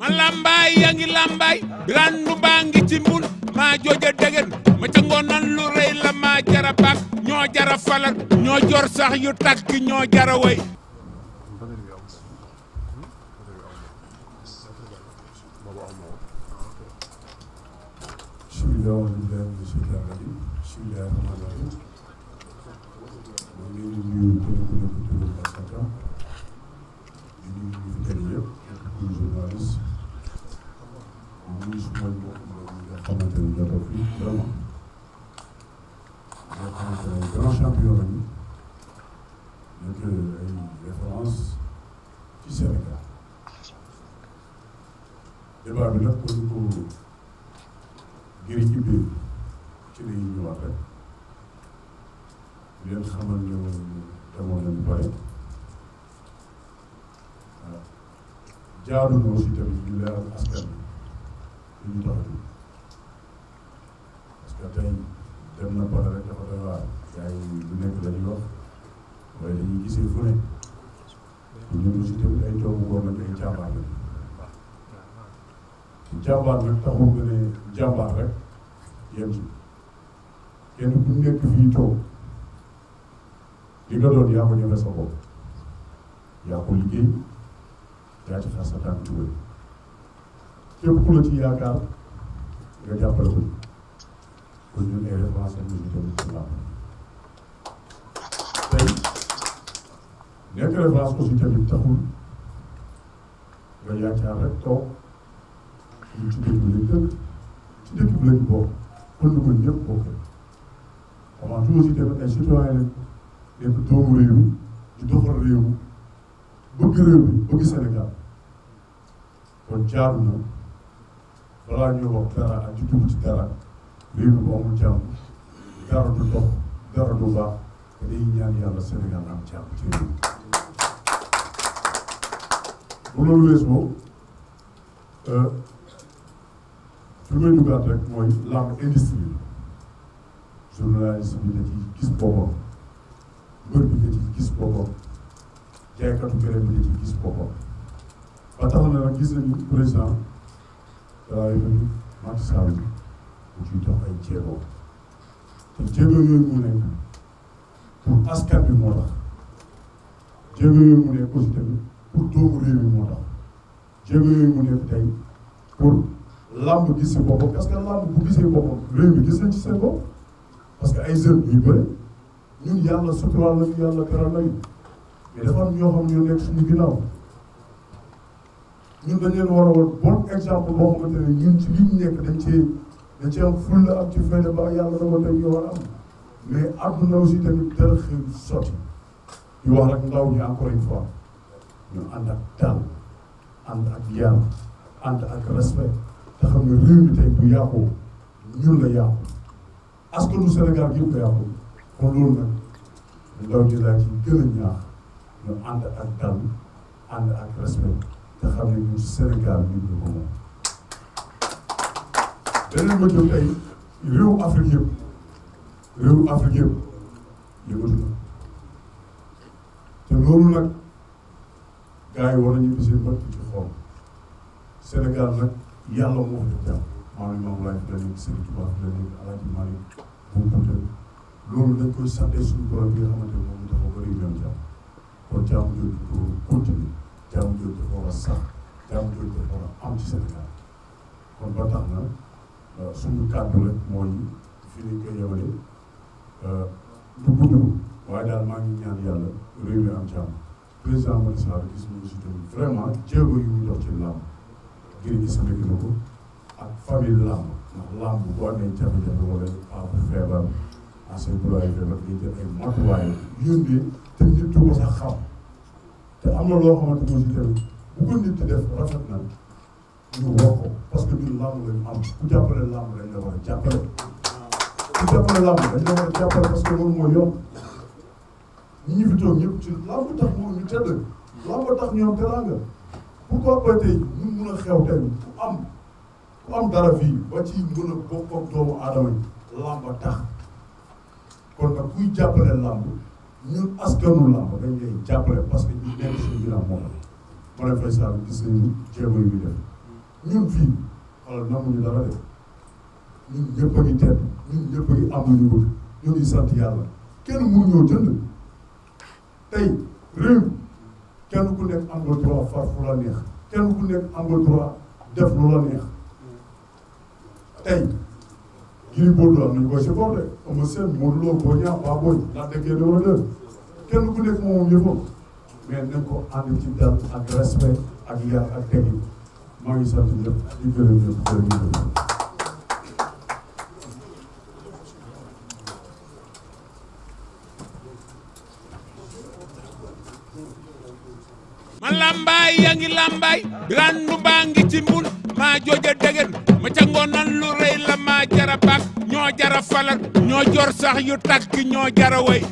ma làmbaay yaa ngi làmbaay randu baa ngi ci mbul maa jooja degen ma ca ngoonan lu rëy la maa jara baak ñoo jara falat ñoo jor sax yu takk ñoo jara way xamante ne ñoo ko fii vraiment ñoo xamante ne grand champion lañu nekk ay référence ci Sénégal débat bi nag kon ko gërëm ci biir ci la ñuy ñëwaat rek leen xamal ne demoon nañu bari jaaduñu aussi tamit ñu leeral askan bi ñu tax te tey dem na pare rek dafa doy waar nekk la ñuy wax waaye dañuy gisee fu ne ñun aussi tamit ay doomu góor lañ ay jàmbaar lañ jàmbaar nag taxul nga ne jàmbaar rek yem ci kenn ku nekk fii toog li nga doon yaa ko ñëwee sa bopp yaa ko liggéey yaa ci xas sa tànk tuwee képp ku la ci yaakaar nga jàppale ko pour ñu ne référence la ñu doon ci làmb tey nekk nga yaakaar rek toog ñu ci dëkk bi lañ dëkk ci dëkk bi lañ bokk pël ko ñëpp bokk avant tout aussi tamit ay citoyen lañ nekk doomu réew mi di doxal réew mi bëgg réew mi bëgg Sénégal kon jaar na balaa ñuy réew mi bu amul jàmm dara du dox dara du baax te day ñaan yàlla Sénégal am jàmm ci réew bu loolu weesoo euh, fi may duggaat rek mooy làmb industrie journaliste bi da ci gis boppam mbër bi da ci gis boppam jaaykatu béréb bi da ci gis boppam ba tax na nag gis nañu président de la République Macky Sall ci dox ay jéego te jéego mu nekk pour askan bi moo tax jéego yooyu mu nekk aussi tamit pour doomu réew mi moo tax jéego yooyu mu nekk tey pour làmb gis si boppam parce que bu gisee boppam réew mi gis nañ ci seen bopp parce que ay jeunes yu bëri ñun yàlla suturaal nañu yàlla teral nañu mais dafa am ñoo xam ñoo nekk suñu ginnaaw ñun dañu leen war a woon bon exemple boo xamante ne ñun ci li ñu nekk dañ cee dañ ci am fulla ak ci fayda ba yàlla dama teg ñu war a am mais àdduna aussi tamit dara xëy sotti ñu wax rek ndaw ñi encore une fois ñu ànd ak dal ànd ak yar ànd ak respect te xam ne réew mi tey bu yàqoo ñun la yàqu askanu Sénégal yëpp la yàqu kon loolu nag ndaw ñi laa ci gën a ñaax ñu ànd ak dal ànd ak respect te xam ne ñun Sénégal ñun ñu moom danañ ma jël tey réewu Afrique yëpp réewu Afrique yëpp na te loolu nag gars yi war nañu seen bët ci xool Sénégal nag yàlla moo ko def jàmm maanaam Maam Laay fi la nekk Sëriñ Tuubaa fi la nekk Alaaji Maalik bu Kunta loolu dañ koy sante suñu borom bi nga xamante ne moom dafa bëri yoon jàmm kon jàmm jooju ko continuer jàmm jooju dafa war a sax jàmm jooju dafa war a am ci Sénégal kon ba suñu kàddu rek mooy fi ñu koy yemale euh, bu gudd waaye daal maa ngi ñaan yàlla réew mi am jàmm président Macky Sall gis nañu si tamit vraiment jéego yu muy dox ci làmb ngir gis nekk na ko ak famille làmb ndax làmb boo amee jafe-jafe wala papa feebar ancien boulaye feebar ngay jël ay matuwaay yónnee te nit du ko sax xam te am na loo xamante ne aussi tamit bu ko nit def rafet na ñu woo ko parce que ñun làmb lañu am ku jàppale làmb dañ la war ku jàppale làmb dañ la war a jàppale mooy yomb ñi ñu fi toog ñëpp ci tax moom ñu tedd làmb tax ñu am teraanga pourquoi pas tey mun a xew tey ku am ku am dara fii ba ci mën a bokk ak doomu aadama tax kon nag kuy jàppale làmb askanu làmb dañ lay jàppale parce que ñu nekk suñu bilan moom la ma ne fay saa gis nañu ñun fii xoolal namuñu dara de ñun ñëpp a ngi tedd ñun ñëpp a ngi am lu ñu bëgg ñu ngi sant yàlla kenn mënuñoo jënd tey réew kenn ku nekk am nga droit kenn ku nekk am def lu la tey Gris Bordeaux am nañu koy supporté ama seen Modou Lo boo ñaax waa booy ndax dëggee doo kenn ku nekk moom yëppam mais nañ ko ànd ci dal ak respect ak yar ak teggin maa ngi sant ñëpp ma làmbaay yaa ngi làmbaay randu baa ngi ci mbul maa jooja degen ma ca ngoonan lu rëy la maa jara bàkk ñoo jara falal ñoo jor sax yu tàkk ñoo jara way